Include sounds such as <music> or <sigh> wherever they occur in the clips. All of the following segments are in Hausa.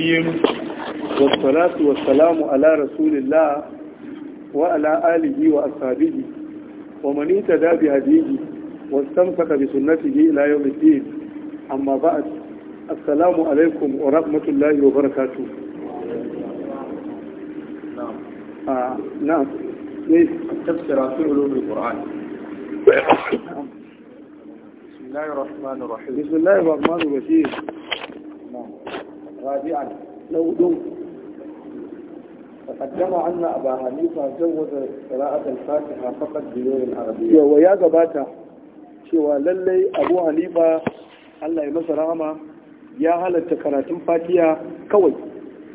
yin wasalatu wasalamu ala rasulillah wa ala wa ashabihi wa mani ta dabi hadihi wa samfaka bi sunnati bi ila yau da amma ba a alaikum wa rahmatullahi wa barakatu رابعا لو دم تقدم أن أبا حنيفة جوز قراءة الفاتحة فقط بدون العربية ويا جباتا cewa lallai abu حنيفة الله يمسر masa يا ya halatta karatun كوي kawai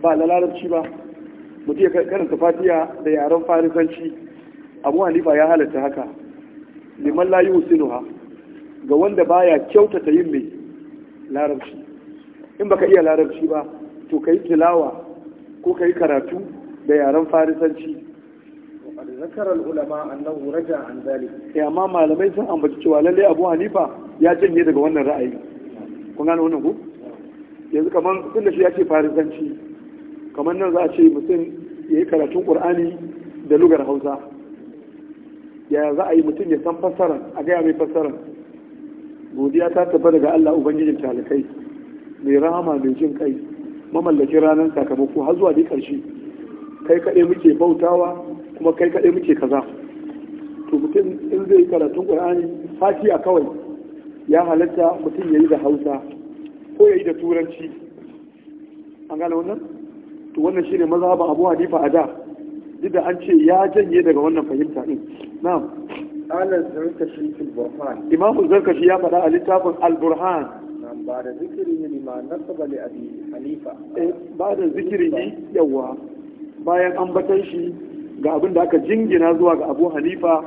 ba na larabci ba mutu ya karanta da yaren farisanci abu hanifa ya halatta haka liman layi ga wanda baya kyautata yin mai larabci in baka iya larabci ba to kai tilawa ko kai karatu da yaren farisanci وقد eh, amma malamai sun ambaci cewa lalle Abu Hanifa ya janye daga wannan ra'ayi kun gane wannan ku yanzu shi farisanci nan za a ce mutum ya yi karatun ƙur'ani da lugar Hausa yaya za a yi mutum ya san fassara a gaya mai fassara godiya ta tafi daga Allah ubangijin talakai. mai rahama mai jin kai mamallakin ranar sakamako har zuwa dai karshe kai kaɗai muke bautawa kuma kai kaɗai muke kaza to mutum in zai yi karatun ƙur'ani a kawai ya halatta mutum ya yi da hausa ko ya yi da turanci an gane wannan to wannan shine mazhaban abu hanifa a da duk da an ce ya janye daga wannan fahimta ɗin na'am alal zarkashi fil imamu zarkashi ya faɗa a littafin al-burhan Ba da ma na saba ذكره لما نسب Ba da بعد ذكره yawa. bayan ambatan shi ga abin da aka jingina zuwa ga Abu Hanifa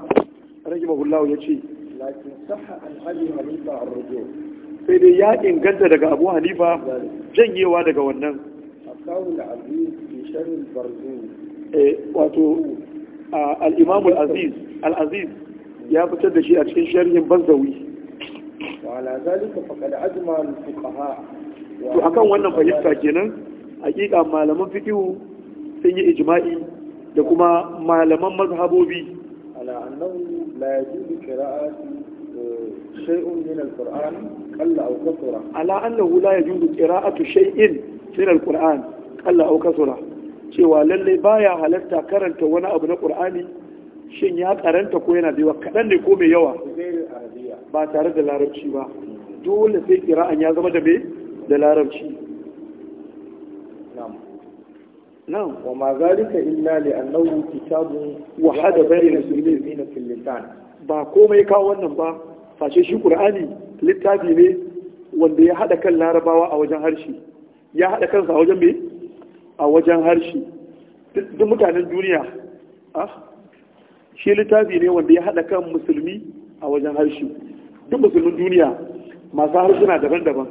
ya ce. lakin sahha an Abi Hanifa ar-ruju sai dai ya inganta daga Abu Hanifa janyewa daga wannan aqawul aziz fi sharh al-barzun eh, wato al-imam aziz al-aziz ya fitar da shi a cikin sharhin Barzawi وعلى ذلك فقد أجمع الفقهاء to akan wannan fahimta kenan hakika malaman fiqhu sun yi ijma'i da kuma malaman mazhabobi ala annahu la yajuzu qira'atu eh, shay'un min al-qur'an qalla aw kathura ala annahu la yajuzu qira'atu shay'in min al-qur'an qalla aw kathura cewa lalle baya halatta karanta wani abu na qur'ani shin ya karanta ko yana da yawa kadan ne ko mai yawa ba tare da larabci ba dole sai kira'an ya zama da be da larabci wa نعم وما ذلك إلا لأنه كتاب وحد بين المسلمين fil lisan ba komai kawo wannan ba face shi Qur'ani littafi ne wanda ya hada kan larabawa a wajen harshe ya hada kansa a wajen me a wajen harshe duk mutanen duniya ah shi littafi ne wanda ya hada kan musulmi a wajen harshe duk musulmin duniya masu harsuna daban-daban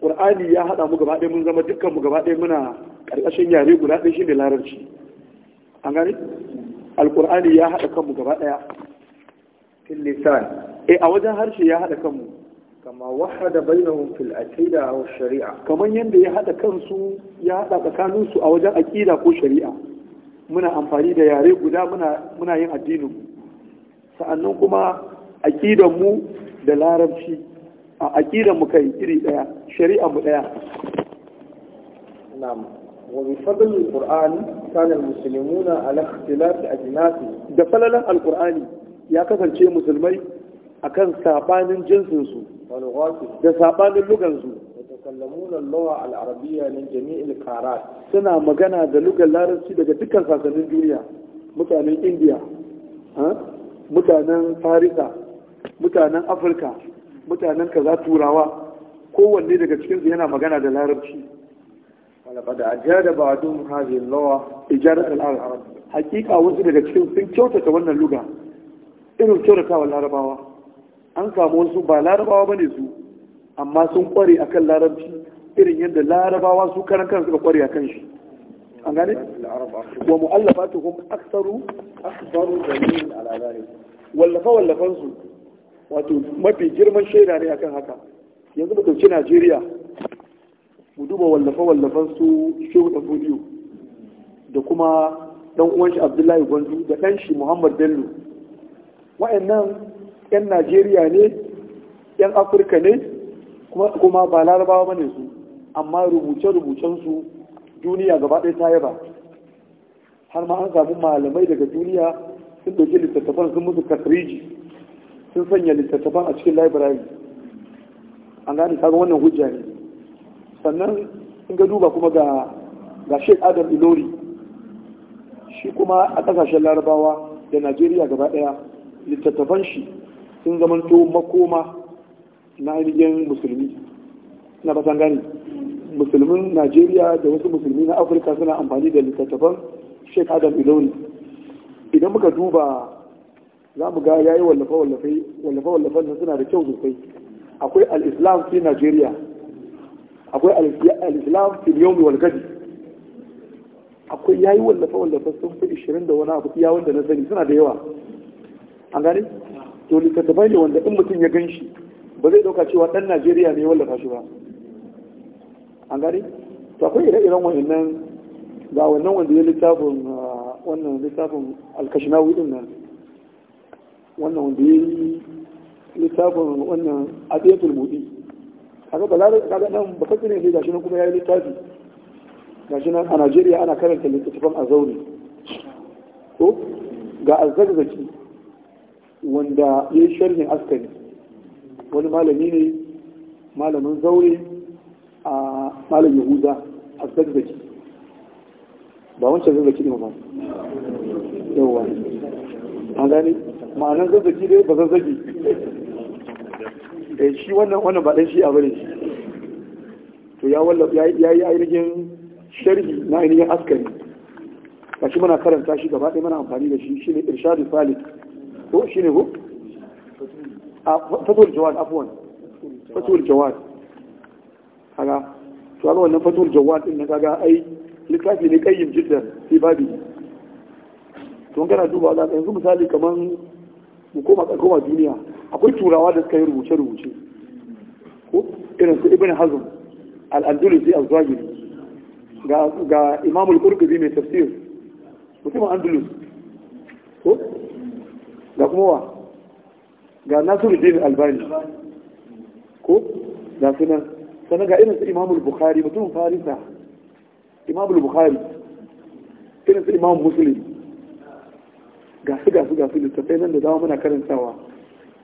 ƙur'ani ya haɗa mu gaba ɗaya mun zama dukkan mu gaba ɗaya muna ƙarƙashin yare guda ɗaya ne larabci an gani alƙur'ani ya haɗa kanmu gaba ɗaya fil lisan eh a wajen harshe ya haɗa kanmu kama wahada bainahum fil aqida wa shari'a kaman yanda ya haɗa kansu ya haɗa tsakanin su a wajen aqida ko shari'a muna amfani da yare guda muna muna yin addinin sa'annan kuma aƙidan mu da larabci a aƙidan mu kai iri ɗaya shari'a mu ɗaya na'am wa bi fadl alquran kana almuslimuna ala ikhtilaf ajnasi da falalan alqurani ya kasance musulmai akan sabanin jinsin su da sabanin lugan su يتكلمون اللغة العربية من جميع القارات Suna magana da lugan Larabci daga dukkan sasannin duniya mutanen India mutanen Farisa mutanen afirka mutanen kaza turawa kowanne daga cikinsu yana magana da larabci ولقد أجاد بعضهم هذه اللغة إجادة العرب wasu daga cikin sun kyautata wannan اللغة irin كيوتا تولنا larabawa. an samu wasu ba larabawa ba ne su amma sun kware a kan larabci irin yadda larabawa su karan kansu suka kware a kan shi an gane wa mu'allafatuhum aktsaru aktsaru dalil ala zalik wallafa wallafansu wato mafi girman shaida ne akan haka yanzu mu ɗauki najeriya mu duba wallafe wallafan su shehu da fudiyo da kuma dan uwan shi abdullahi gwanzu da ɗan shi muhammad bello wa'annan 'yan najeriya ne 'yan afirka ne kuma ba larabawa ba ne su amma rubuce rubucen su duniya gaba ɗaya ta yaba har ma an samu malamai daga duniya sun ɗauki littattafan sun musu kasriji sun sanya littattafan a cikin library an gane kaga wannan hujja ne sannan in ga duba kuma ga ga Sheikh Adam Ilori shi kuma a kasashen Larabawa da Najeriya gaba daya littattafan shi sun zamanto makoma na ainihin musulmi na fasan gani musulmin Najeriya da wasu musulmi na Afirka suna amfani da littattafan Sheikh Adam Ilori idan muka duba za mu ga ya yi wallafe-wallafen suna da kyau sosai akwai al'islam fi nigeria akwai al'islam fi yomi walgadi akwai ya yi wallafe-wallafe sun fi ishirin da wani abu iya wanda na sani suna da yawa an gani? to littattafai ne wanda in mutum ya gan shi ba zai dauka cewa dan najeriya ne ya wallafa shi ba an gani? to akwai ire-iren wannan ga wannan wanda ya littafin ah, wannan littafin alkashinawu din nan wannan wanda ya yi littafin wannan adiyatul a kaga ba za kaga nan ba kace ne gashi nan kuma yi littafi gashi nan a Najeriya ana karanta littafin azauri ko ga azzagzaki wanda ya yi sharhin askari wani malami ne malamin zaure a malam yahuda azzagzaki ba wancan zazzaki ne ba ba yawa an gane ma'anar zazzaki dai ba zazzaki eh shi wannan wannan ba dan shi a bane to ya wallafa ya yi ainihin sharhi na ainihin askari Ba shi muna karanta shi gaba ɗaya muna amfani da shi ne irshadu salik ko ne ko a fatul jawad afwan fatul jawad kaga to alwan wannan fatul jawad din na kaga ai littafi ne kayyim jiddan fi babi to kana duba za ka yanzu misali kaman mu koma duniya akwai turawa da suka yi rubuce-rubuce ko irin su ibn hazm al-andalusi al-zahiri ga ga imam al-qurtubi mai tafsir mutumin andalus ko ga kuma wa ga nasiruddin albani ko ga sunan sannan ga irin su imam al-bukhari mutumin farisa imam al-bukhari irin su imam muslim gasu gasu gasu littattafai nan da dama muna karantawa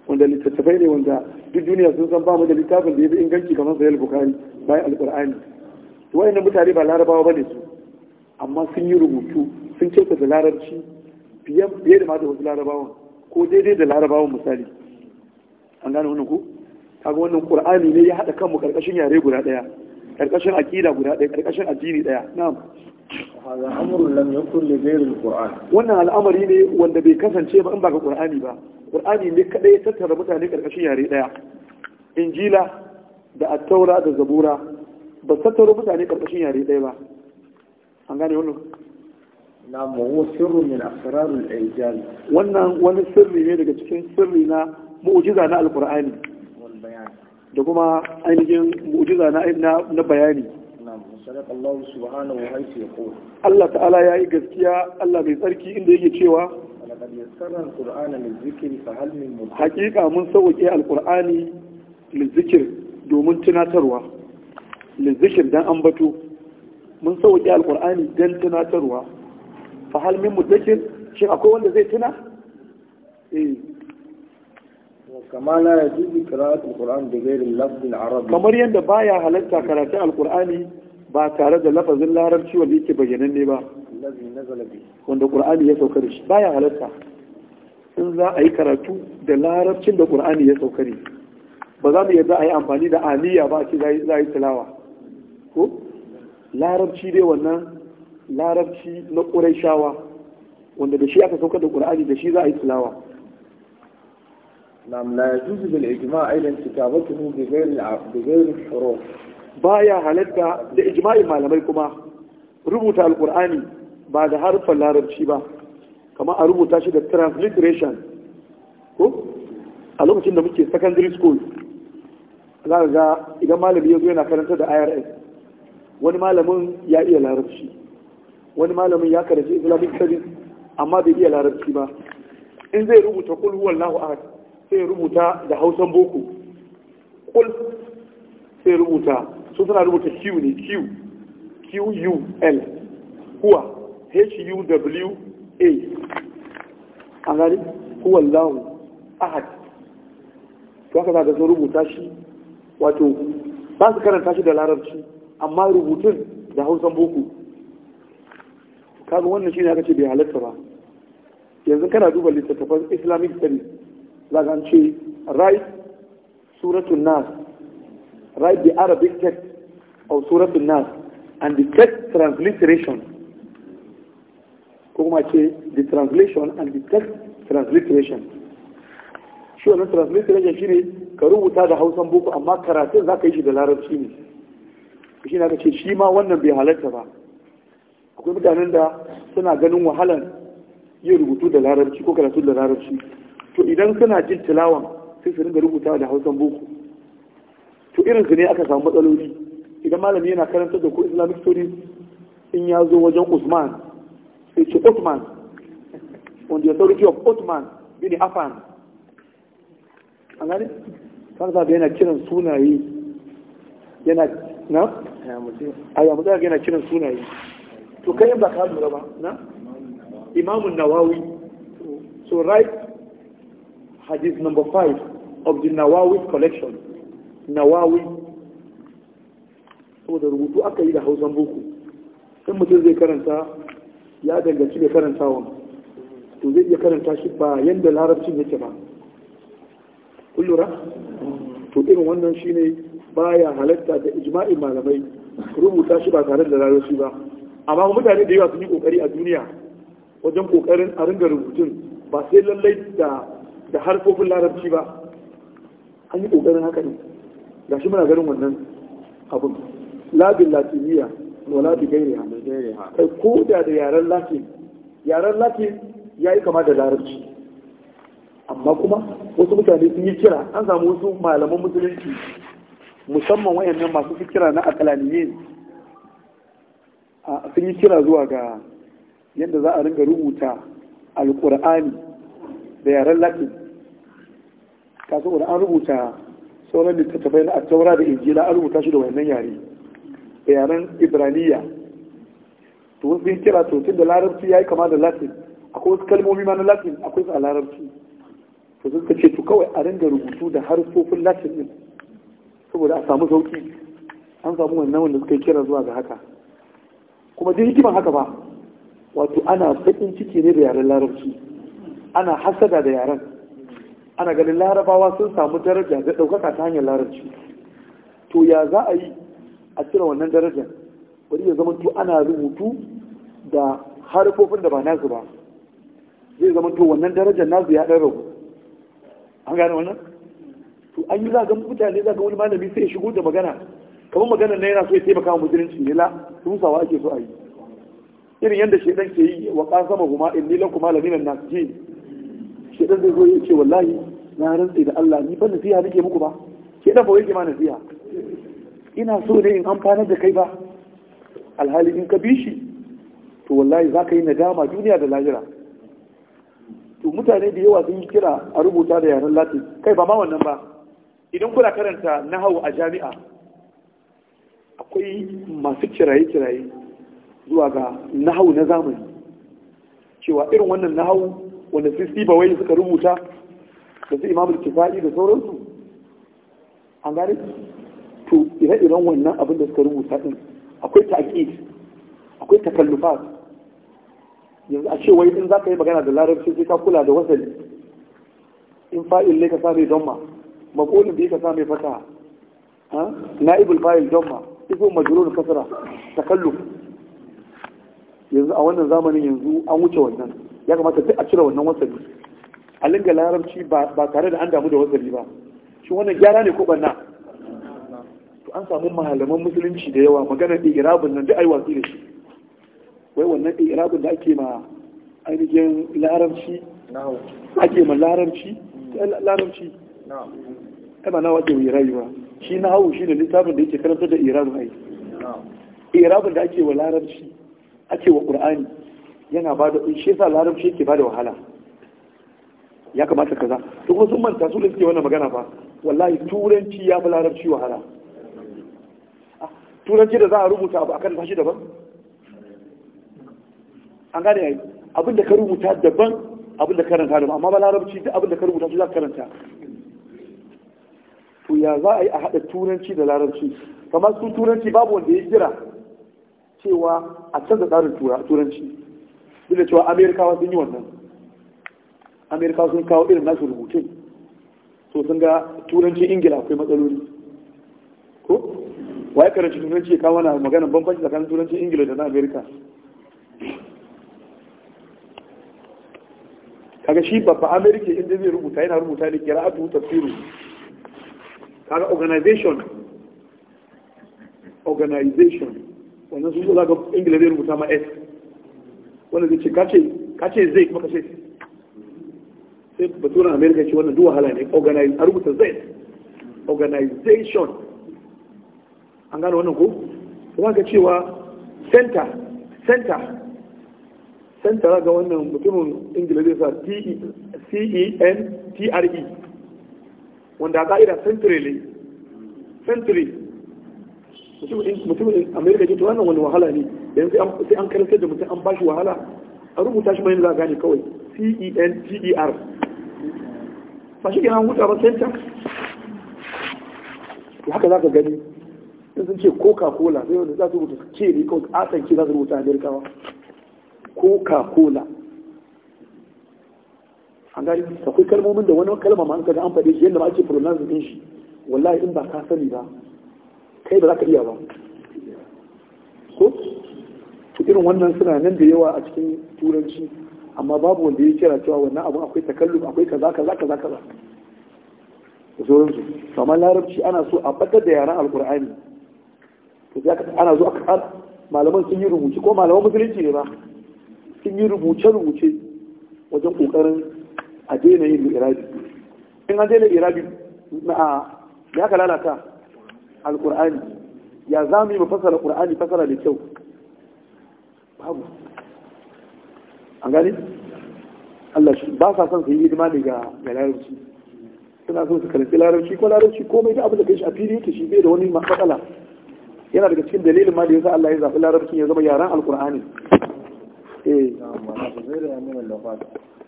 wanda littattafai ne wanda duk duniya sun san ba mu da littafin da ya fi inganci kamar sayar bukari bayan alkur'ani to wayannan mutane ba larabawa bane su amma sun yi rubutu sun kyauta da larabci fiye da mata wasu larabawan ko daidai da larabawan misali an gane wannan ku kaga wannan qur'ani ne ya haɗa kanmu karkashin yare guda ɗaya, karkashin aqida guda ɗaya, karkashin addini ɗaya na'am هذا al'amari لم يكن bai kasance وانا الأمر يلي وانا بيكسن شيء ما انبغى قرآني با قرآني لك ليه تتر متعني da attaura da zabura ba tattara mutane karkashin yare ɗaya ba an gane wannan na wannan wani sirri ne daga cikin sirri na mu'ujiza na alqur'ani da kuma ainihin mu'ujiza na bayani صدق الله سبحانه حيث يقول الله تعالى يا gaskiya, Allah mai tsarki inda yake cewa laqad yassarna alqur'ana lizikri fahal min mudakkir hakika mun sauke alqur'ani lizikr domin tunatarwa lizikr dan ambato mun sauke alqur'ani dan tunatarwa fahal min mudakkir shin akwai wanda zai tuna eh kamar yadda baya halatta karatu alqur'ani ba tare da lafazin larabci wanda yake ne ba wanda qur'ani ya sauka da shi baya halatta in za a yi karatu da larabcin da qur'ani ya sauka ne ba za mu yadda a yi amfani da aliyya ba ce za yi tilawa ko larabci dai wannan larabci na shawa. wanda da shi aka sauka da qur'ani da shi za a yi tilawa نعم لا يجوز بالإجماع أيضا كتابته بغير بغير الحروف baya halatta da ijma'in malamai kuma rubuta alkur'ani ba da harfar larabci ba kamar a rubuta shi da transliteration ko a lokacin da muke secondary school za ka ga idan malami ya zo yana karanta da irs wani malamin ya iya larabci wani malamin ya karanta islamic studies amma bai iya larabci ba in zai rubuta kul huwallahu ahad sai rubuta da hausan boko sai rubuta su suna rubuta q ne q q u l kuwa h u w a an gani kuwa lahu ahad to haka za sun rubuta shi wato ba su karanta shi da larabci amma rubutun da hausan boko kaga wannan shi ne aka ce bai halatta ba yanzu kana duba littattafan islamic studies za ka ce rai, suratun nas write the Arabic text of Surah An-Nas and the text transliteration ko kuma ce the translation and the text transliteration shi wannan transliteration shine ka rubuta da hausan boko amma karatun za ka yi shi da larabci ne shi na ce shi ma wannan bai halarta ba akwai mutanen da suna ganin wahalan yin rubutu da larabci ko karatu da larabci to idan suna jin tilawan sai su ringa rubuta da hausan boko to irin su ne aka samu matsaloli idan malami yana karanta da ku islamic stories in ya zo wajen usman sai ce otman on the authority of otman bin afan an gani kan sa yana kiran sunaye yana na a yamu zaka yana kiran sunaye to kayan ba ka lura ba na imamun nawawi so right hadith number 5 of the nawawi collection nawawi saboda rubutu aka yi da hausan boko in mutum zai karanta ya danganci da karantawan to zai iya karanta shi ba yadda larabcin yake ba kullura to irin wannan shine baya halatta da ijma'in malamai rubuta shi ba tare da larabci ba amma mutane da yawa sun yi kokari a duniya wajen kokarin a ringa rubutun ba sai lallai da harfofin larabci ba an yi kokarin haka ne ga shi muna ganin wannan abin labin latiniya wa labin gairi ha kai da da yaren latin yaren latin ya yi kama da larabci amma kuma wasu mutane sun yi kira an samu wasu malaman musulunci musamman wayannan masu su kira na akalaniye sun yi kira zuwa ga yadda za a ringa rubuta alkur'ani da yaren latin kasu an rubuta sauran littattafai na taura da injila an rubuta shi da wannan yare da yaren ibraniya to wasu sun kira to tun da larabci ya yi kama da latin akwai wasu kalmomi ma na latin akwai su a larabci to sun ce to kawai a ringa rubutu da harfofin latin din saboda a samu sauki an samu wannan wanda suka kira zuwa ga haka kuma dai hikiman haka ba wato ana sakin ciki ne da yaren larabci ana hasada da yaren ana ganin larabawa sun samu daraja ga ɗaukaka ta hanyar larabci to ya za a yi a cire wannan darajar wani ya zama to ana rubutu da harfofin da ba nasu ba zai zama to wannan darajar nasu ya ɗan rabu an gane wannan to an yi za ga mutane za ga wani malami sai ya shigo da magana kamar magana na yana so ya taimaka wa musulunci ne la rusawa ake so a yi irin yadda shedan ke yi wa kasama kuma nila kuma lamina na, nasihin shi dan zai zo ya ce wallahi na rantsi da Allah ni fa nasiha nake muku ba ke dan ba yake ma nasiha ina so ne in amfanar da kai ba alhali in ka bi shi to wallahi za ka yi nadama duniya da lahira to mutane da yawa sun yi kira a rubuta da yaren latin kai ba ma wannan ba idan kuna karanta nahawu a jami'a akwai masu kiraye-kiraye zuwa ga nahawu na zamani cewa irin wannan nahawu wanda su ba wai suka rubuta da su imamul kifa'i da sauransu an gane to ire-iren wannan abin da suka rubuta din akwai ta'qid akwai takallufat yanzu a ce wai in za ka yi magana da larabci sai ka kula da wasali in fa'il ne ka sa mai donma maƙolin ka sa fata ha na'ibul fa'il donma iso majrur kasra takalluf yanzu a wannan zamanin yanzu an wuce wannan ya kamata duk a cire wannan wasali a linga larabci ba tare da an damu da wasali ba shi wannan gyara ne ko banna to an samu malaman musulunci da yawa maganar irabun nan duk ai watsi da shi wai wannan irabun da ake ma ainihin larabci ake ma larabci eh, larabci kama na wajen yi rayuwa shi na hau shi ne littafin da yake karanta da irabin ai irabin da ake wa larabci ake wa qur'ani yana ba da shi yasa larabci yake ba da wahala ya kamata kaza to kuma sun manta su da suke wannan magana fa wallahi turanci ya fi larabci wahala ah, turanci da za a rubuta abu akan tashi daban an gane yayi abin da ka rubuta daban abin da karanta daban amma ba larabci duk abin da ka rubuta shi za ka karanta to ya za a yi a haɗa turanci da larabci kamar su turanci babu wanda ya jira cewa a canza tsarin turanci duk da cewa amerikawa sun yi wannan amerikawa sun kawo irin nasu rubutun so sun ga turanci ingila akwai matsaloli ko waye karanci turanci ya kawo na maganin bambanci tsakanin turanci ingila da na amerika kaga shi babba amerika inda zai rubuta yana rubuta ne kira kira'atu tafsiru kaga organization organization wannan sun zo zaga ingila zai rubuta ma s wanda zai ce kace kace zai kuma kace ce sai baturan america ce wannan duk wahala ne organize a rubuta zai organization an gano wannan ko kuma ga cewa center center center ga wannan mutumin ingila zai sa c-e-n-t-r-e e e. wanda a ka'ida centrally ne mutumin amerika ce ta wannan wani wahala ne yanzu sai an karantar da mutum an ba shi wahala a rubuta shi bayan za a gane kawai c-e-n-t-e-r ba shi gina huta ba sai tax haka za ka gani in sun ce coca-cola sai wanda za su rubuta ce ne kawai asanci za su rubuta amerikawa coca-cola an gani akwai kalmomin da wani kalma ma an kaga an faɗe shi yadda ma ake pronounce din shi wallahi in ba ka sani ba kai ba za ka iya ba so to irin wannan suna nan da yawa a cikin turanci amma babu wanda ya kira cewa wannan abu akwai takallum akwai kaza kaza kaza kaza da sauransu amma larabci ana so a fadar da yaran alkur'ani to za ka ana so aka malaman sun yi rubuce ko malaman musulunci ne ba sun yi rubuce rubuce wajen kokarin a daina yin irabi in an daina irabi na ya ka lalata alkur'ani ya za mu yi mu fasara qur'ani fasara da kyau babu an gani Allah shi ba sa son su yi hidima ne ga larabci suna son su karanci larabci ko larabci komai da abin da kai shi a fili yake shi bai da wani matsala yana daga cikin dalilin ma da yasa Allah ya zaɓi larabcin ya zama yaran alkur'ani eh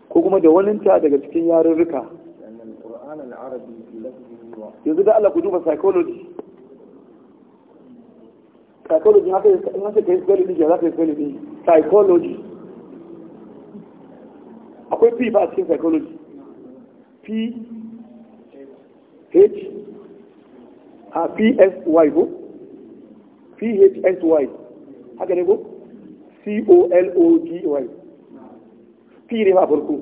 ko kuma da waninta daga cikin yarurruka yanzu da Allah ku duba psychology psychology haka in haka kai spelling din za ka yi spelling din psychology akwai p ba a cikin psychology p h a p s y ko p h s y haka ne ko c o l o g y p ne ma farko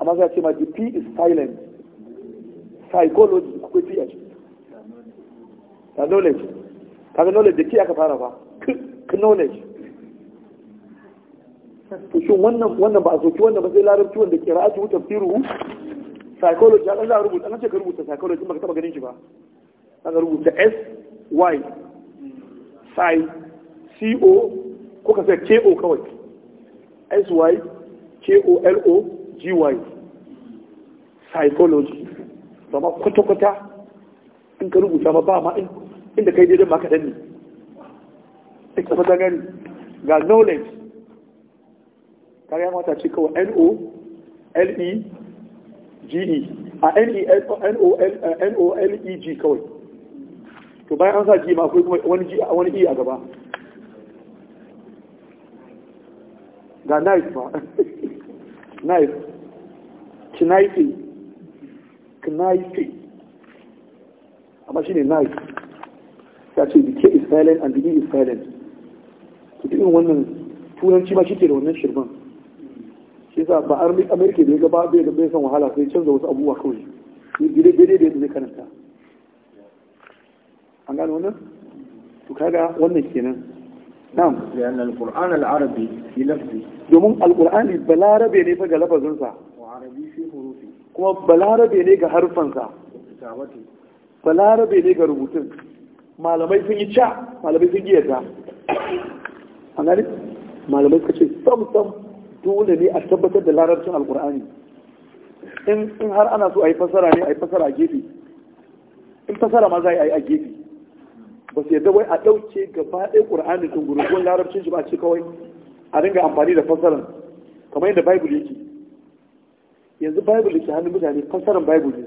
amma za a ce ma the p is silent psychology akwai p a ciki knowledge kaga knowledge da ke aka fara ba ka knowledge to shin wannan wannan ba a soki wannan ba sai larabci wanda qira'atu tafsiru psychology an za a rubuta an ce ka rubuta psychology ba ka taba ganin shi ba an rubuta s y psi c o ko ka sai k o kawai s y k o l o g y psychology ba ma kwata-kwata in ka rubuta ba ba ma inda kai daidai maka kaɗan ne duk kafa ta gani ga knowledge kariya ta ce kawai no le ge a no e leg kawai to bayan an sa ji ma kuma wani e a gaba ga knife ba <laughs> knife knife knife amma shi ne knife ya ce the is silent and the is silent to irin wannan turanci ma shi ke da wannan shirman shi yasa ba amerika ya gaba bai da bai san wahala sai canza wasu abubuwa kawai gire gire da yadda zai karanta an gano wannan to kaga wannan kenan na'am lian al-qur'an al-arabi fi lafzi domin al-qur'ani balarabe ne fa ga lafazin sa wa arabi fi hurufi kuma balarabe ne ga harfansa balarabe ne ga rubutun malamai sun yi ca malamai sun yi yadda an gani malamai suka ce sam sam dole ne a tabbatar da larabcin alkur'ani in har ana so a yi fasara ne a yi fasara a gefe in fasara ma za a yi a gefe ba su yadda wai a ɗauke gaba ɗaya ƙur'anin sun guri ko larabcin shi ba ce kawai a dinga amfani da fasaran kamar yadda bible yake yanzu bible yake hannun mutane fasaran bible ne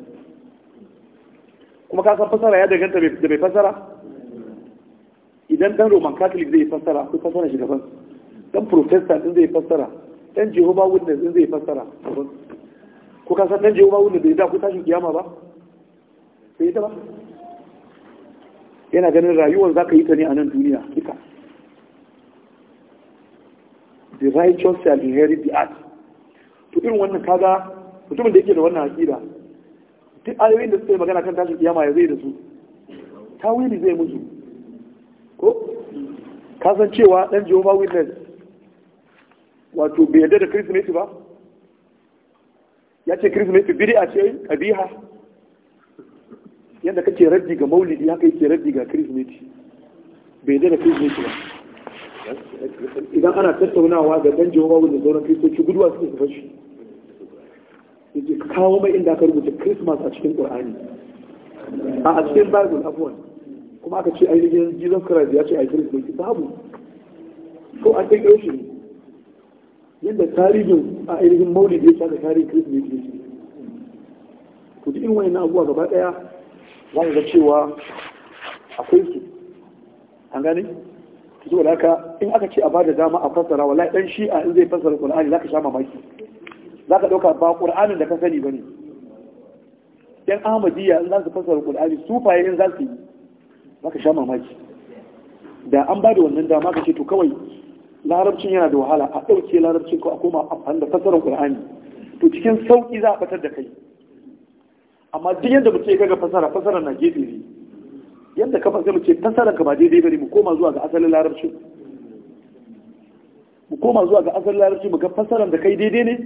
kuma ka san fasara ya daganta da bai fasara idan dan roman catholic zai fassara akwai fassara shi daban dan protestant din zai fassara dan jehovah witness din zai fassara ko ka san dan jehovah witness bai da ku tashin kiyama ba sai ta ba yana ganin rayuwar za ka yi ta ne a nan duniya kika the righteous shall inherit the earth to irin wannan kaga mutumin da yake da wannan aqida duk ayoyin da suka yi magana kan tashin kiyama ya zai da su tawili zai mutu. ko san cewa dan Jehova witness wato bai yarda da kirismeti ba ya ce kirismeti a ce kabiha yadda kake raddi ga maulidi haka yake raddi ga kirismeti bai yarda da kirismeti ba idan ana tattaunawa ga dan Jehova witness zauren kiristoci guduwa suke su fashi kawo mai inda aka rubuta christmas a cikin qur'ani a cikin bible abuwan kuma aka ce ainihin jesus christ ya ce a kirismeti babu ko an kai yaushe ne yadda tarihin a ainihin da ya shaka tarihin kirismeti ne. Ku to duk wani na abuwa gaba daya za ga cewa akwai su an gane zuwa da haka in aka ce a bada dama a fassara wala dan shi'a in zai fassara qur'ani zaka sha mamaki zaka dauka ba qur'anin da ka sani bane dan ahmadiyya in za su fassara qur'ani su in za su yi za ka sha mamaki da an ba da wannan dama ka ce to kawai larabcin yana da wahala a ɗauke larabcin ko a koma amfani da fasarar ƙur'ani to cikin sauƙi za a fitar da kai amma duk yadda ce ka kaga fasara fassara na gefe ne yadda ka fasara ce fassararka ka ba daidai bane mu koma zuwa ga asalin larabcin mu koma zuwa ga asalin larabcin mu ga fasarar da kai daidai ne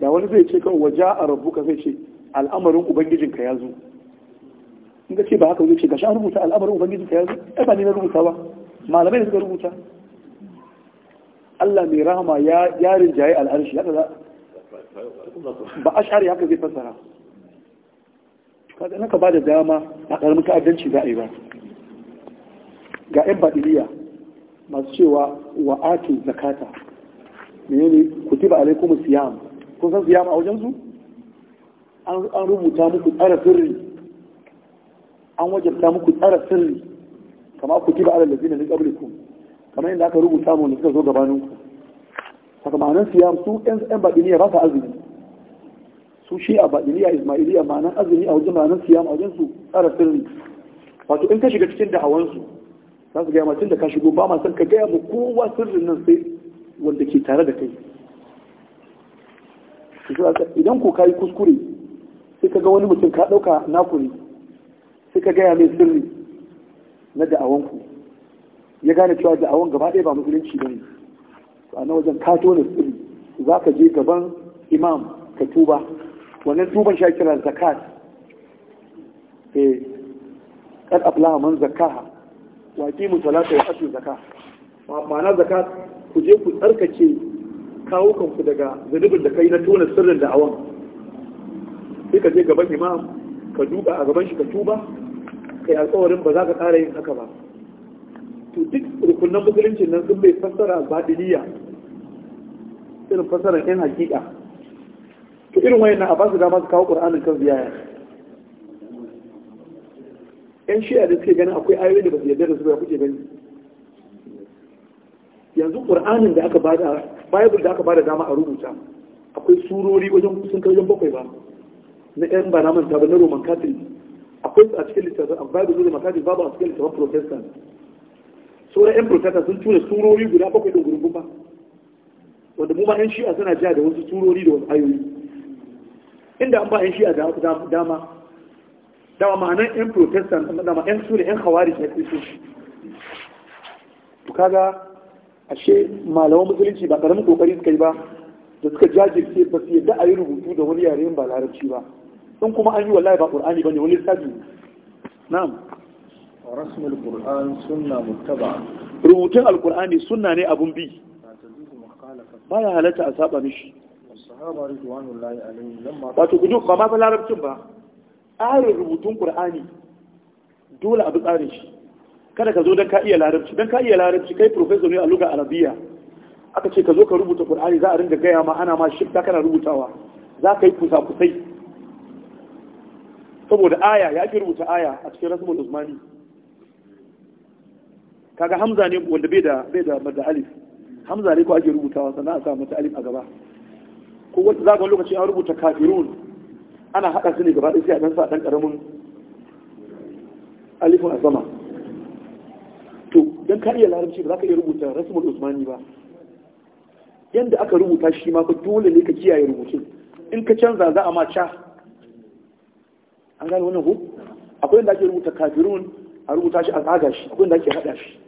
da wani zai ce kawai waja a rabbuka zai ce al'amarin ubangijinka ya zo inda ce ba haka wuce ce gashi an rubuta al'amarin ubangiji ta yanzu ai ba ni na rubuta ba malamai da suka rubuta Allah mai rahama ya yarin jaye al'arshi ya kaza ba ashari haka zai fassara kaga naka ba da dama a karamin ka'adanci za a yi ba ga yan baɗiliya masu cewa wa ake zakata menene kutiba alaikum siyam kun san siyam a wajen su an rubuta muku tsara sirri an wajabta muku tsara sirri kama ku kiba ala lazina min ku kamar yadda aka rubuta mu ne suka zo gabanin ku saka ma'anar siyam su yan yan baɗiniya ba sa azumi su shi a baɗiniya ismailiya ma'anar azumi a wajen ma'anar siyam a wajen su tsara sirri wato in ka shiga cikin da'awansu za su gaya ma da ka shigo ba ma san ka gaya ma kowa sirrin nan sai wanda ke tare da kai idan ko ka yi kuskure sai ka ga wani mutum ka ɗauka naku ne suka gaya mai sirri na da'awanku ya gane cewa da'awan gaba ɗaya ba musulunci ba ne a na wajen ka tona sirri za ka je gaban imam ka tuba wannan tuban sha kira zakat eh kad aflaha man zakaha wa mu talata ya atu zakat ma'ana zakat ku je ku tsarkake kawo kanku daga zunubin da kai na tona sirrin da'awan sai ka je gaban imam ka duba a gaban shi ka tuba kai alkawarin ba za ka kara yin haka ba to duk rukunan musulunci nan sun bai fassara diliya irin fassara yan hakika to irin wayan nan a basu dama su kawo ƙur'anin kan ziyara yan shi'a da suke ganin akwai ayoyi da ba su yarda da su ba kuke gani yanzu ƙur'anin da aka bada bible da aka bada dama a rubuta akwai surori wajen sun kai bakwai ba na yan ba na manta ba na roman catholic akwai a cikin littafin an da da makadi babu a cikin littafin protestant sauran yan protestant sun tura surori guda bakwai da gurbin ba wanda mu ma yan shi'a suna jiya da wasu surori da wasu ayoyi inda an ba yan shi'a dama dama ma'anar yan protestant dama yan su yan hawari ya fi su to kaga ashe malaman musulunci ba karamin kokari suka yi ba da suka jajirce ba su yadda a yi rubutu da wani yare ba larabci ba in kuma an yi wallahi ba qur'ani bane wani lissafi na'am rasmul qur'an sunna muttaba rubutun alqur'ani sunna ne abun bi ba ya halatta a saba mishi sahaba ridwanullahi alaihim lamma wato kudu ba ma fa larabcin ba tsarin rubutun qur'ani dole abu tsarin shi kada ka zo don ka iya larabci don ka iya larabci kai professor ne a lugar arabiya aka ce ka zo ka rubuta qur'ani za a ringa gaya ma ana ma shi ta kana rubutawa za ka yi kusa kusai saboda aya ya ake rubuta aya a cikin rasmul usmani kaga hamza ne wanda bai da bai da madda alif hamza ne ko ake rubutawa sannan a sa mata alif a gaba ko wata za ga lokaci an rubuta kafirun ana haɗa su ne gaba ɗaya sai a dan sa dan alifin a sama to don ka iya larabci ba za ka iya rubuta rasmul usmani ba yanda aka rubuta shi ma fa dole ne ka kiyaye rubutun in ka canza za a ma ca an gani wannan hukum akwai inda ake rubuta kafirun a rubuta shi a tsaga shi akwai inda ake hada shi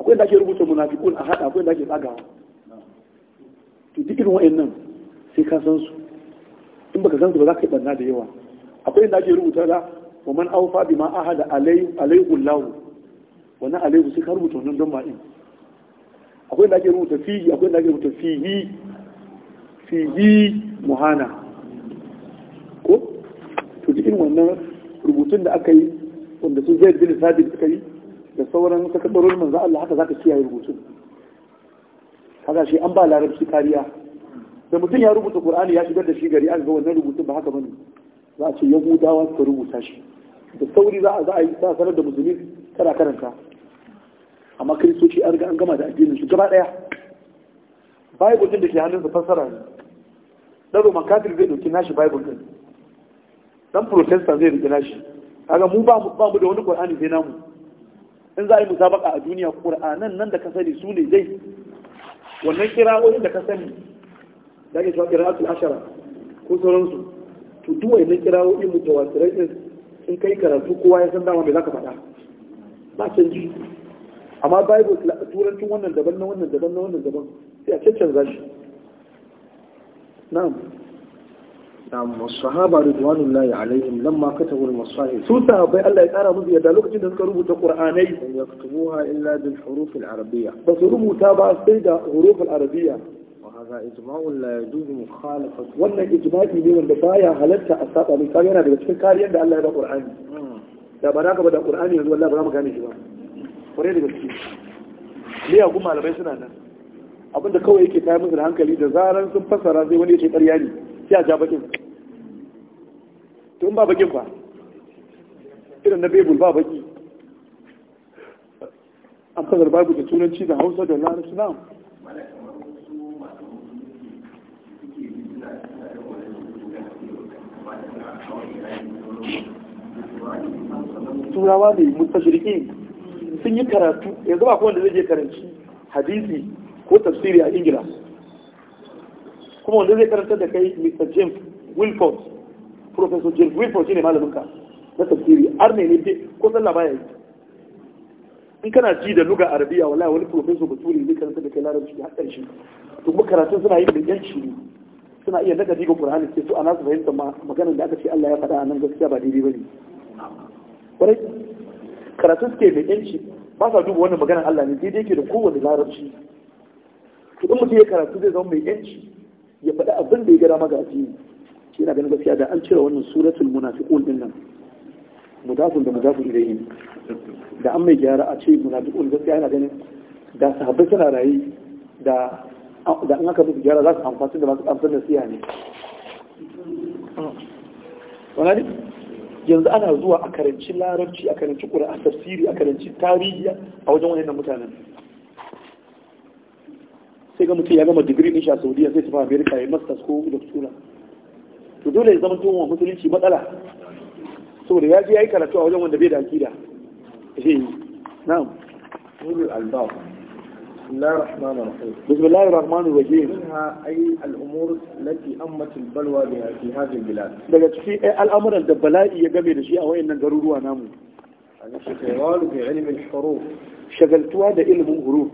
akwai inda ake rubuta munafiqun a hada akwai inda ake tsagawa to duk irin nan sai ka san su in baka san su ba za ka yi barna da yawa akwai inda ake rubuta da wa man awfa ma ahada alayhi lahu wannan alayhi sai ka rubuta wannan don ma'in akwai inda ake rubuta fihi akwai inda ake rubuta fihi fihi muhana guji irin wannan rubutun da aka yi wanda su zai bin sabit suka yi da sauran sakatarorin manzo Allah haka zaka kiyaye rubutun kaga shi an ba larabci kariya da mutum ya rubuta Qur'ani ya shigar da shi gari an ga wannan rubutun ba haka bane za a ce Yahudawa suka rubuta shi da sauri za a za a yi sa sanar da musulmi kada karanta amma kiristoci an ga an gama da addinin shi gaba daya bible din da ke hannunsa fassara ne daro makafir zai dauki nashi bible din dan protestant zai rike nashi kaga mu ba mu ba mu da wani qur'ani sai namu in za a yi musabaka a duniya qur'anan nan da ka sani su ne dai wannan kirawoyin da ka sani da ke cewa qira'atul ashara ko sauransu to duk wannan kirawoyin mutawatirai din in kai karatu kowa ya san dama me zaka faɗa ba ji amma bible turancin wannan daban na wannan daban na wannan daban sai a cancanza shi na'am na'am wasahaba ridwanullahi alaihim lamma katabu masu masahif su sahabbai Allah ya kara musu yadda lokacin da suka rubuta qur'anai in yaktubuha illa bil huruf arabiya. ba su rubuta ba sai da huruf arabiya. arabiyya wa hadha ijma'un la yajuzu mukhalafatu wannan ijma'i ne wanda baya halatta a saba mai kariya daga cikin kariyar da Allah ya ba ƙur'ani. Hmm. da ba da ka ba da ƙur'ani yanzu wallahi ba za mu gane shi ba kware da gaske miyagun malamai suna nan abinda kawai yake kayan musu da hankali da zarar sun fassara sai wani ya ƙarya ne sai a ja bakin to in ba bakin ba irin na bebul ba baki an fasar babu da tunan cizon hausa da larabci na turawa ne mutashirki sun yi karatu zama ba da zai je karanci hadisi ko tafsiri a ingila kuma wanda zai karanta da kai Mr. James Wilford Professor James Wilford shine malamin ka na tafsiri ar ne ne ko sallah baya yi in kana ji da luga arabiya wallahi wani professor bature ne karanta da kai larabci har karshe to kuma karatun suna yin da yanci ne suna iya daga diga Qur'ani sai su ana su fahimta maganar da aka ce Allah ya faɗa a nan gaskiya ba daidai bane kwarai karatun suke mai yanci ba sa duba wannan maganar Allah ne daidai ke da kowane larabci to in mutum ya karatu zai zama mai yanci ya faɗi abin da ya gara magaji addini shi na ganin gaskiya da an cire wannan suratul munafiqun din nan mudafun da mudafun yin da an mai gyara a ce munafiqun gaskiya yana ganin da sahabbai suna rayi da da an aka musu gyara za su amfani da masu amfani da siya ne wani yanzu ana zuwa a karanci larabci a karanci ƙura a tafsiri a karanci tarihi a wajen wani mutanen sai ga mutum ya gama digiri din shi a saudiya sai tafi amerika ya masters ko doctora to dole ya zama tuhon musulunci matsala saboda ya je ya yi karatu a wajen wanda bai da akida na'am ulul albab بسم الله الرحمن الرحيم منها أي الأمور التي أمت البلوى في هذه البلاد daga eh, al'amuran da bala'i ya game da shi a wayannan garuruwa namu al-shighal shagaltuwa da ilimin huruf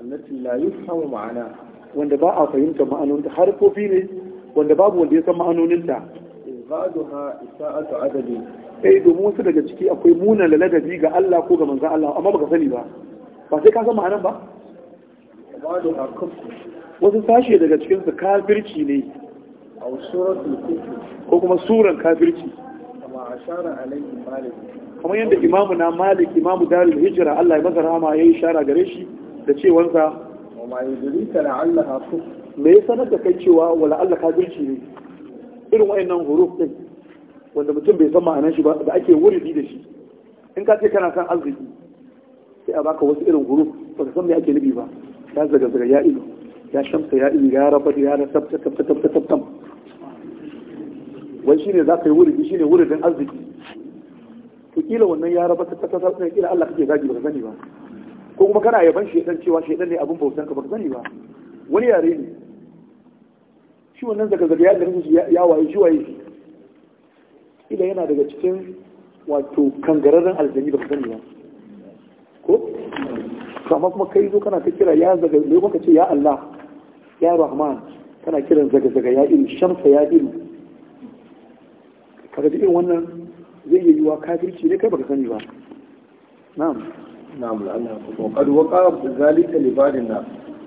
allati la yufhamu ma'ana wanda ba a fahimta ma'anonin ta harfofi ne wanda babu wanda ya san ma'anonin ta ibaduha isa'atu adabi eh domin wasu daga ciki akwai muna ladabi ga Allah ko ga manzon Allah amma baka sani ba ba sai ka san ma'anan ba ibaduha kufu wasu sashe daga cikin su kafirci ne aw suratul kufu ko kuma suran kafirci kama ashara alayhi malik kamar yadda imamu na malik imamu dalil hijira Allah ya masa rahama yayi shara gare shi da cewansa ma me ya sanar da kai cewa wala Allah ka zirci ne irin wayannan huruf din wanda mutum bai san ma'anar shi ba da ake wuridi da shi in ka ce kana san arziki sai a baka wasu irin huruf ba ka san me ake nubi ba ya zaga zaga ya ilu ya shamsa ya ilu ya rabar ya na tabta tabta tabtam wai shine za ka yi wuridi shine wuridin arziki to kila wannan ya rabar ta ta ta kila Allah kake zagi ba ka sani ba ko kuma kana yaban shaidan cewa shaidan ne abin bautan ka baka sani ba wani yare ne shi wannan zaga zaga ya garin shi ya waye shi waye shi idan yana daga cikin wato kangararren aljani baka sani ba ko to amma kuma kai zo kana ta kira ya zaga ne kuma ce ya Allah ya Rahman kana kiran zaga zaga ya ilu shamsa ya ilu kaga irin wannan zai yi wa kafirci ne kai baka sani ba na'am na'am la'ana ko kad waqa zalika li ba'din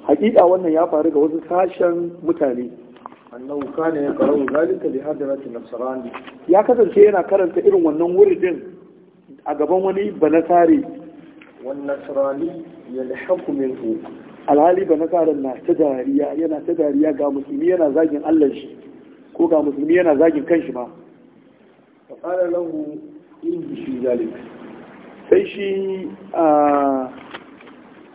hakika wannan ya faru ga wasu sashen mutane annahu kana yaqra'u zalika li hadrati nasrani ya kasance yana karanta irin wannan wuridin a gaban wani banasare wan nasrani yalhaqu minhu alhali banasaren na ta dariya yana ta dariya ga musulmi yana zagin Allah shi ko ga musulmi yana zagin kanshi ma fa qala lahu in bi shi zalika sai shi a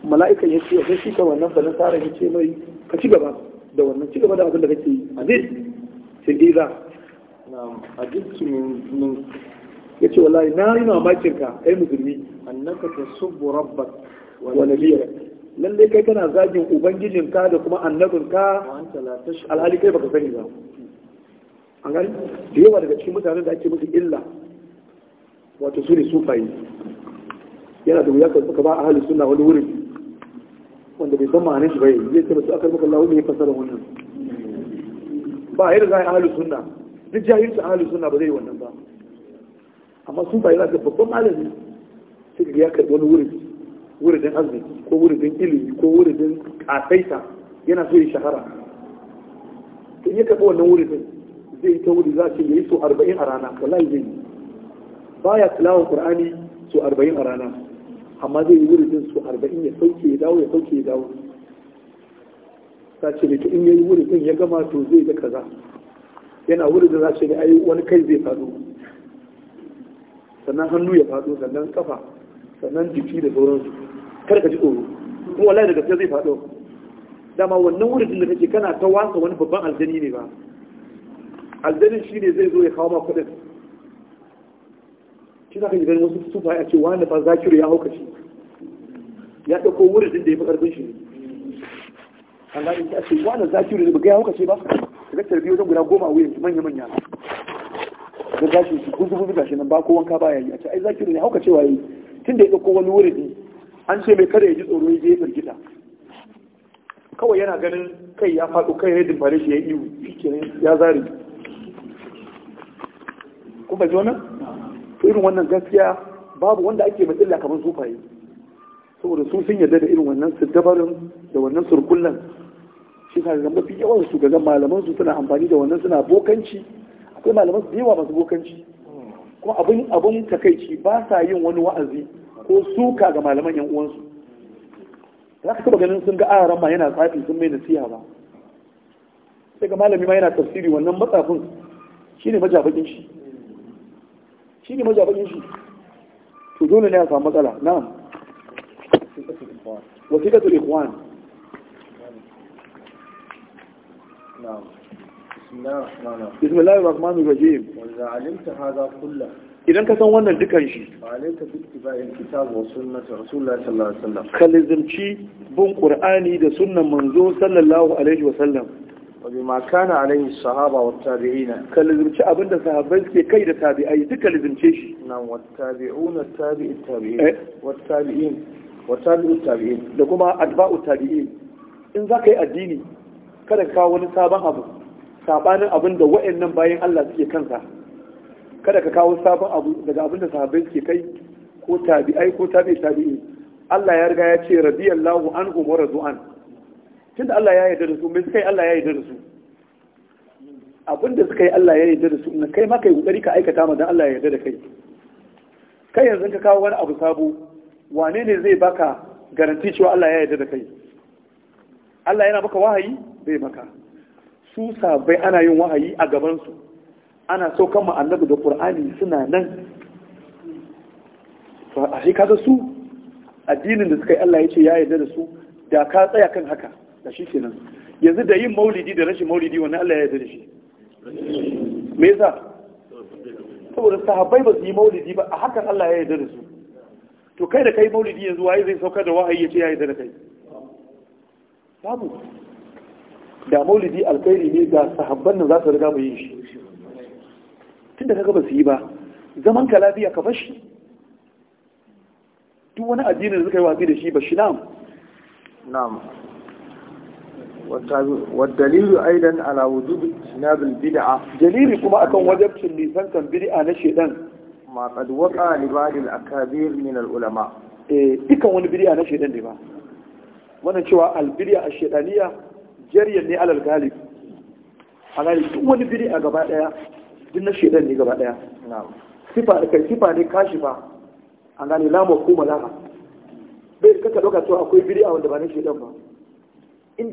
mala'ikan ya ce sai shi ka wannan ba tsara ya ce mai ka ci gaba da wannan ci gaba da abin da kake yi aziz sai iza a jinki min ya ce wallahi na yi mamakin ka kai musulmi annaka tasubbu rabbak wa nabiyyaka lalle kai kana zagin ubangijin ka da kuma ka alhali kai baka sani ba an gani da yawa daga cikin mutanen da ake musu illa wato su ne sufaye yana da wuya ka ba a halin suna wani wurin wanda bai san ma'anin shi bai zai ce masu akar maka lawo ya fasara wannan ba a yi da za a yi ahalin suna duk a halin suna ba zai yi wannan ba amma sun yana da babban malami sai ga ya karɓi wani wurin wuridin azumi, ko wuridin ilimi ko wuridin kasaita yana so ya shahara Ta ya karɓi wannan wuridin zai yi ta wuri za a ce ya yi so arba'in a rana wallahi zai yi baya tilawar qur'ani su arba'in a rana amma zai yi wurin su arba'in ya sauke ya dawo ya sauke ya dawo sace ce in yayi wurin ya gama to zai ga kaza yana wurin da za ne ai wani kai zai faɗo sannan hannu ya faɗo sannan kafa sannan jiki da sauransu kada ka ji tsoro in wallahi da gaske zai faɗo dama wannan wurin da kake kana ta wasa wani babban aljani ne ba aljanin shine zai zo ya kawo ma kuɗin shi zaka ka wasu sufa ya ce wani ba zakiru ya hauka shi ya dauko wurin da ya fi karfin shi Allah ya ce wani zakiru ne ba ga ya hauka shi ba daga tarbiyyar wajen guda goma a wuyan shi manya-manya da gashi shi guzu da gashi nan ba ko wanka ba ya yi a ce ai zakiru ne hauka cewa yi tun da ya dauko wani wurin an ce mai kada ya ji tsoro ya je ya firgita kawai yana ganin kai ya faɗo kai ya dimfare shi ya yi iwu ya zare kuma ji wannan to irin wannan gaskiya babu wanda ake matsala kamar sufaye saboda su sun yarda da irin wannan siddabarin da wannan surkullan shi ka zama fi yawan su ga malaman su suna amfani da wannan suna bokanci akwai malaman su yawa masu bokanci kuma abin abin takaici ba sa yin wani wa'azi ko suka ga malaman yan uwansu za ka taba ganin sun ga aran ma yana tsafi sun mai nasiha ba sai ga malami ma yana tafsiri wannan matsafin shine majabakin shi shi ne majabakin shi to dole ne a samu matsala na'am wasiƙatul ikhwan na'am bismillahir rahmanir rahim wanda alimta hadha kullahu idan ka san wannan dukan shi ka lizimci bin ƙur'ani da sunan manzo sallallahu alaihi wasallam وبما كان عليه الصحابة والتابعين كالذمشي أبدا صحابين كي دا تابعي تكا لذمشيش نعم والتابعون التابع التابعين إيه؟ والتابعين والتابع التابعين لكما أتباع التابعين إن ذاك الديني kada ka wani sabon abu da wa'annan bayan Allah suke kansa kada ka kawo sabon daga abin da sahabbai suke kai ko tabi'ai ko tabi'i tabi'i Allah ya riga ya ce radiyallahu anhum wa radu'an tunda Allah ya yarda da su mai suka yi Allah ya yarda da su abinda suka yi Allah ya yarda da su na kai ma kai kokari ka aikata ma dan Allah ya yarda da kai kai yanzu ka kawo wani abu sabo wane ne zai baka garanti cewa Allah ya yarda da kai Allah yana baka wahayi bai maka su sabai ana yin wahayi a gaban su ana saukan ma annabi da qur'ani suna nan to a shi kaga su addinin da suka yi Allah ya ce ya yarda da su da ka tsaya kan haka da shi kenan yanzu da yin maulidi da rashin maulidi wani Allah ya yarda da shi me yasa saboda sahabbai ba su yi maulidi ba a hakan Allah ya yarda da su to kai da kai maulidi yanzu waye zai saukar da wahayi ya ce ya yarda da kai babu da maulidi alkhairi ne ga sahabban nan za su riga mu yi shi tunda kaga ba su yi ba zaman ka lafiya ka bashi? duk wani addini da suka yi watsi da shi ba shi na'am na'am والدليل ايضا على وجوب اجتناب البدعه دليل كما اكن وجب تلسان كان بدعه na sheidan ma qad waqa li ba'd al akabir min al ulama ikan wani bid'a na sheidan dai ba wannan cewa al bid'a al sheidaniya jariyan ne al galib alai duk wani bid'a gaba daya duk na sheidan ne gaba daya kai sifa kashi ba an gani lamu kuma da ka bai kaka lokacin akwai bid'a wanda ba na sheidan ba in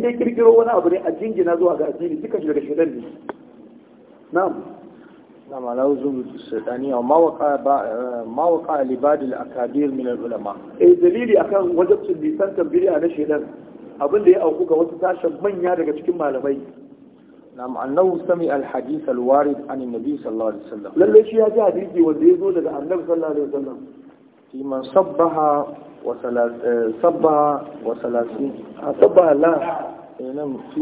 dai kirkiro wani abu ne a jingina zuwa ga addini duka shi daga shaidan ne na'am na a shaidani a waka alibadil akabir min ulama eh dalili akan wajabcin lisan tambiriya na shaidan abin da ya auku ga wasu tashin manya daga cikin malamai نعم sami سمع الحديث الوارد عن النبي صلى الله عليه shi ya ji هذا حديثي وزيزو لدى النبي صلى الله عليه وسلم في من صبها وسبح وثلاثين سبح الله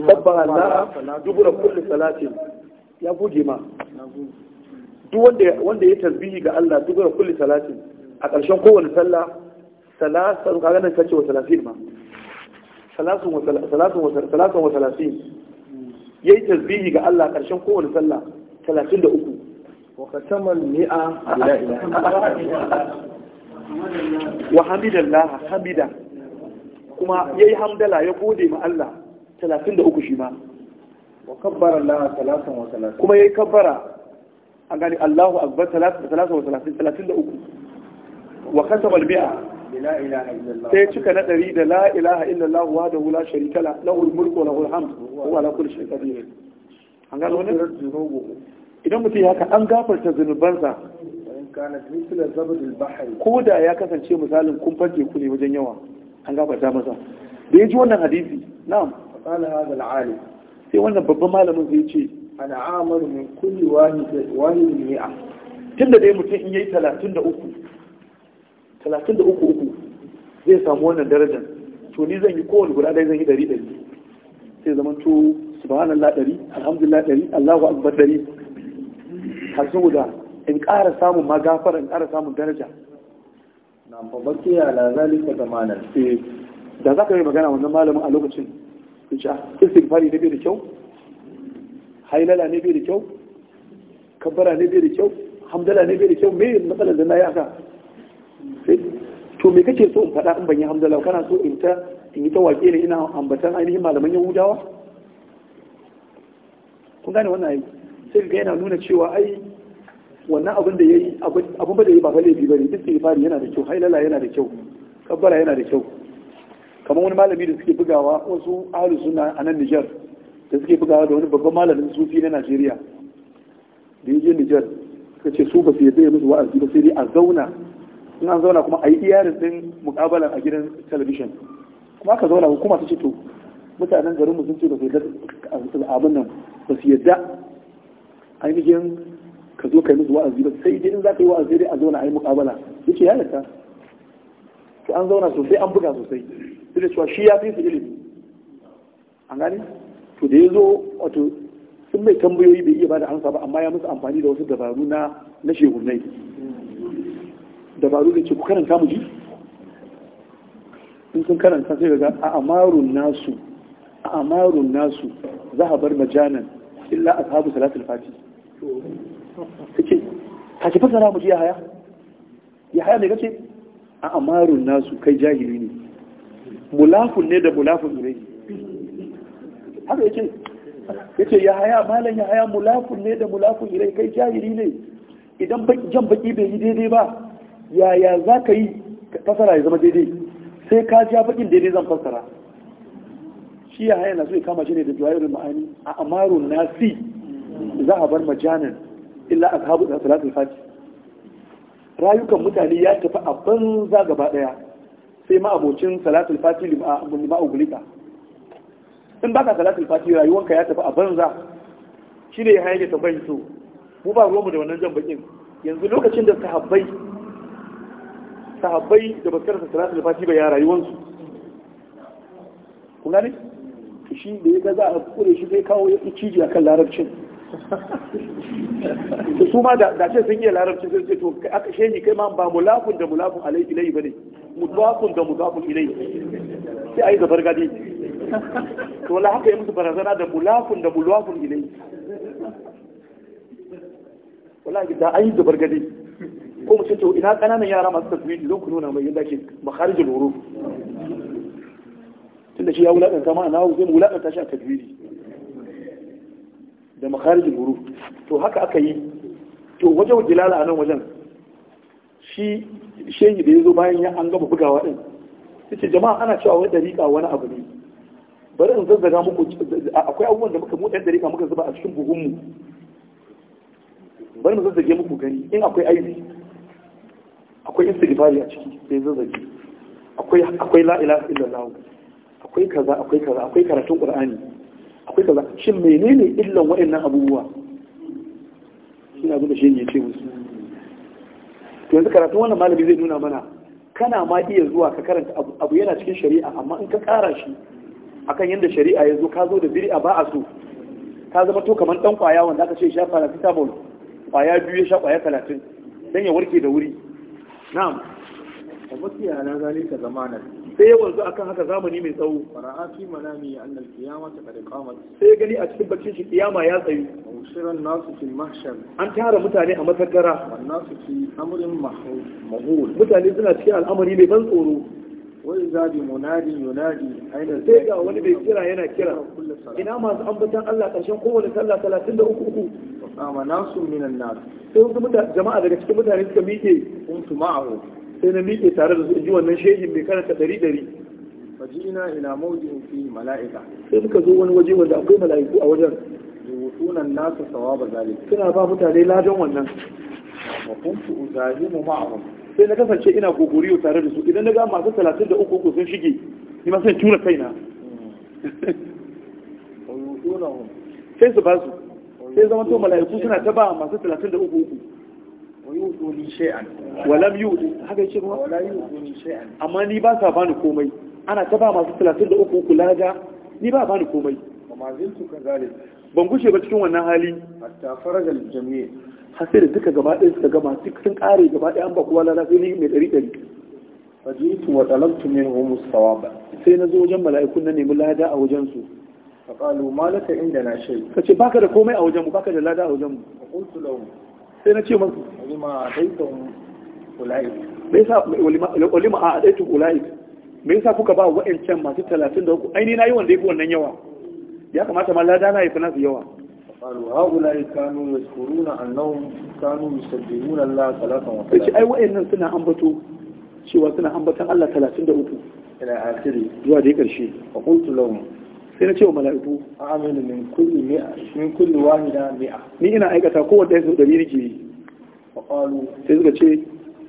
سبح الله دبر كل صلاة يا بوجي ما duk wanda ya tasbihi ga Allah duk da kulli salatin a ƙarshen kowane sallah salasan kaga nan kace wa salasin ma salasun wa salasun wa salasun yayi tasbihi ga Allah ƙarshen kowane sallah talatin 33 wa khatamal mi'a la ilaha wa hamidallah hamida kuma yayi hamdala ya gode ma Allah 33 shi ma wa kabbara Allah 33 kuma yayi kabbara gani Allahu akbar 33 wa khatama al sai cika na ɗari da la ilaha illallah wa da hula sharika la lahul wa wa an gano idan mutum ya haka an gafarta zunubansa kanat mithla zabdil bahr Koda ya kasance misalin kumfar ku ne wajen yawa an gabata masa da ya ji wannan hadisi na'am qala hadha al-alim sai wannan babban malamin zai ce ana amaru min kulli wahid wahid mi'a tunda dai mutum in yayi 33 33 uku zai samu wannan darajar to ni zan yi kowane guda dai zan yi 100 100 sai zaman to subhanallah 100 alhamdulillah 100 Allahu akbar 100 har sun guda in ƙara samun magafara in ƙara samun daraja na babbaki ya lazali ka zamanar eh, da za ka yi magana wannan malamin a lokacin in ah, istighfari ne bai da kyau hailala ne bai da kyau kabbara ne bai da kyau hamdala ne bai da kyau me matsalar da na yi aka eh, to me kake so in faɗa in ban yi hamdala kana so in ta in yi ta waƙe ne ina ambatan ainihin malaman yahudawa kun gane wannan ai sai ga yana nuna cewa ai wannan abin da yayi abin ba da yayi ba laifi bane istighfari yana da kyau hailala yana da kyau kabbara yana da kyau kamar wani malami da suke bugawa wasu ahlus sunna a nan Nijar da suke bugawa da wani babban malamin sufi na Najeriya da yaje Nijar kace su ba su yadda ya musu wa'azi ba sai dai a zauna in an zauna kuma a yi iyarin din mukabalan a gidan talabishin kuma aka zauna hukuma ta ce to mutanen garinmu sun ce ba su yadda abin nan ba su yadda ainihin ka zo kai musu wa'azi ba sai dai in za ka yi wa'azi dai a zauna a yi muƙabala yace ya lata to an zauna sosai an buga sosai sai da cewa shi ya fi su ilimi an gane to da ya zo wato sun mai tambayoyi bai iya bada amsa ba amma ya musu amfani da wasu dabaru na na shehunai dabaru da ce ku karanta mu ji in sun karanta sai ga a amarun nasu a amarun nasu zahabar majanan illa ashabu salatul fati kace ka ce? fasara mu ya haya ya haya ne kace a amarun nasu kai jahili ne mulafun ne da mulafun ne haka yace yace ya haya malan ya haya mulafun ne da mulafun ne kai jahili ne idan jan baki bai yi daidai ba yaya za ka yi fasara ya zama daidai sai ka ja bakin daidai zan fasara shi ya haya na so ya kama shi ne da jawairul ma'ani a amarun nasi za a bar majanin illa ashabu da salatul fati rayukan mutane ya tafi a banza gaba daya sai ma abocin salatul fati lima ugulika in baka salatul fati rayuwanka ya tafi a banza shi ne ya haye tambayin so mu ba ruwanmu da wannan jan bakin yanzu lokacin da sahabbai sahabbai da ba karanta salatul fati ba ya rayuwansu kun gane shi da ya ga za a kure shi zai kawo ya jiya kan larabcin <laughs> su ma da ce sun iya larabci sun ce to aka ni kai ma ba mulafun da mulafun alai ilai bane mudafun da mudafun ilai sai ayi zabar gadi to la haka yi musu barazana da mulafun da mulafun ilai wallahi da ayi zabar gadi ko mu ce to ina kananan yara masu tafiye zan ku nuna mai yadda ke makharijul tun tunda shi ya wulakanta ma na zai wulakanta shi a tafiye da makarijin guru to haka aka yi to wajen jilala a nan wajen shi shehi da ya zo bayan ya an gama bugawa din ce jama'a ana cewa wani dariƙa wani abu ne bari in zazzaga muku akwai abubuwan da muka mutan dariƙa muka zuba a cikin buhunmu bari mu zazzage muku gani in akwai aibi akwai istighfari a ciki sai zazzage akwai akwai la ilaha illallah akwai kaza akwai kaza akwai karatun qur'ani akwai kaza shin menene illan waɗannan abubuwa shi abin da shi ne ce musu to yanzu karatun wannan malami zai nuna mana kana ma iya zuwa ka karanta abu yana cikin shari'a amma in ka kara shi akan yadda shari'a ya zo ka zo da biri'a ba a so ka zama to kamar dan kwaya wanda aka ce sha paracetamol kwaya biyu ya sha kwaya talatin dan ya warke da wuri na'am yana mutiya na zama na sai ya wanzu akan haka zamani mai tsawo fara'a fi manami annal qiyama ta qad qamat sai ya gani a cikin baccin shi kiyama ya tsayu ushiran nasu fil mahshar an tara mutane a matakara wan nasu fi amrin mahul mutane suna cikin al'amari mai ban tsoro wani zabi munadi yunadi aina sai ga wani mai kira yana kira ina masu ambatan Allah karshen kowane sallah 33 uku amma nasu minan nas sai wasu jama'a daga cikin mutane suka miƙe kuntu ma'ahu sai na miƙe tare da su ji wannan shehin mai karanta ɗari ɗari fajina ila mawjin fi mala'ika sai muka zo wani waje wanda akwai mala'iku a wajen yusunan nasu sawaba zalik suna ba mutane ladan wannan wa kuntu uzahimu ma'ahum sai na kasance ina gogoriyo tare da su idan na ga masu talatin da uku sun shige ni ma sai tura kaina sai su ba su sai zama to mala'iku suna ta ba masu talatin da uku uku yu'tuni shay'an wa haka yake kuma amma ni ba sa bani komai ana ta ba masu da uku lada ni ba bani komai ban gushe ba cikin wannan hali hatta sai da duka gaba ɗaya suka gama duk sun ƙare gaba ɗaya an ba kowa lada sai ni mai ɗari ɗari fajitu wa talabtu minhum sawaba sai na zo wajen mala'ikun na nemi lada a wajen su فقالوا ما لك عندنا شيء فشي باكر كومي او جنبه باكر لا دا او جنبه فقلت لهم sai na ce masu walima me kuka ba wa'ancan masu uku? aini yi wanda fi wannan yawa ya kamata ma lada na yafi nasu yawa qalu haulai kanu suna ambato cewa suna ambatan Allah talatin da uku. zuwa da karshe ƙarshe a lahum sai na ce wa mala'iku aminu min kulli mi'a min kulli wahida mi'a ni ina aikata kowanne su dari nake yi qalu sai suka ce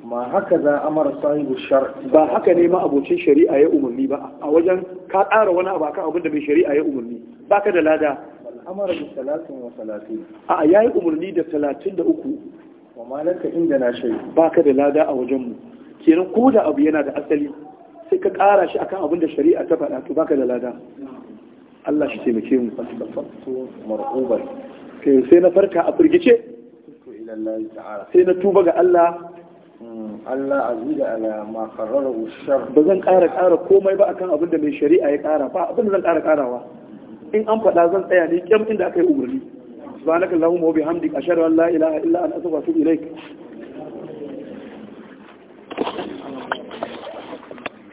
ma haka za amara sahibu shar ba haka ne ma abocin shari'a ya umarni ba a wajen ka tsara wani abu akan abin da mai shari'a ya umarni ka da lada amara bi salatin wa salatin a yayi umarni da talatin da uku wa malaka inda na shai ka da lada a wajen mu kenan ko da abu yana da asali sai ka kara shi akan abin da shari'a ta faɗa to baka da lada Allah shi taimake mu fastafatu mar'uban kai sai na farka a firgice sai na tuba ga Allah hmm, Allah azida ala ma qarrara ushar ba zan ƙara ƙara komai ba akan abin da mai shari'a ya ƙara ba abin da zan ƙara ƙarawa in an faɗa zan tsaya ne kyam inda aka yi umarni subhanaka allahumma wa bihamdik ashhadu an la ilaha illa anta astaghfiruka wa atubu ilaik